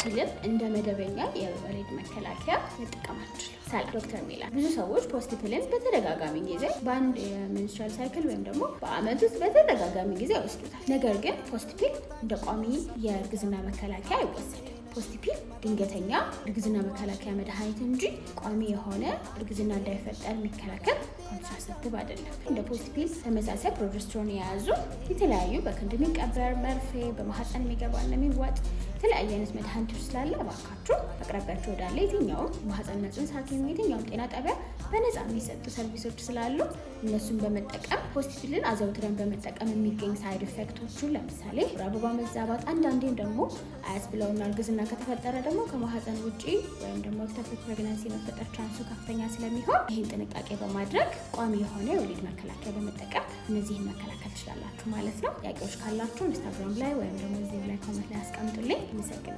ሲልም እንደ መደበኛ የበረድ መከላከያ መጠቀም ይችላል። ዶክተር ሜላ፣ ብዙ ሰዎች ፖስቲፕልን በተደጋጋሚ ጊዜ በአንድ የሜንስትራል ሳይክል ወይም ደግሞ በአመት ውስጥ በተደጋጋሚ ጊዜ ይወስዱታል። ነገር ግን ፖስቲፒል እንደ ቋሚ የእርግዝና መከላከያ አይወሰድም። ፖስቲፒል ድንገተኛ እርግዝና መከላከያ መድኃኒት እንጂ ቋሚ የሆነ እርግዝና እንዳይፈጠር የሚከላከል ኮንትራሴፕቲቭ አይደለም። እንደ ፖስቲፒል ተመሳሳይ ፕሮጀስትሮን የያዙ የተለያዩ በክንድ የሚቀበር መርፌ፣ በማህፀን የሚገባና የሚዋጥ የተለያየ አይነት መድኃኒቶች ስላለ እባካችሁ አቅራቢያችሁ ወዳለ የትኛውም ማህፀንና ጽንስ ሐኪም የትኛውም ጤና ጣቢያ በነፃ የሚሰጡ ሰርቪሶች ስላሉ እነሱን በመጠቀም ሆስፒታልን አዘውትረን በመጠቀም የሚገኝ ሳይድ ኢፌክቶቹን ለምሳሌ አበባ መዛባት፣ አንዳንዴም ደግሞ አያስ ብለውና እርግዝና ከተፈጠረ ደግሞ ከማህፀን ውጪ ወይም ደግሞ ተፈት ፕሬግናንሲ መፈጠር ቻንሱ ከፍተኛ ስለሚሆን ይህን ጥንቃቄ በማድረግ ቋሚ የሆነ የወሊድ መከላከያ በመጠቀም እነዚህን መከላከል ትችላላችሁ ማለት ነው። ጥያቄዎች ካላችሁ ኢንስታግራም ላይ ወይም ደግሞ እዚህ ላይ ኮመንት ላይ in a second.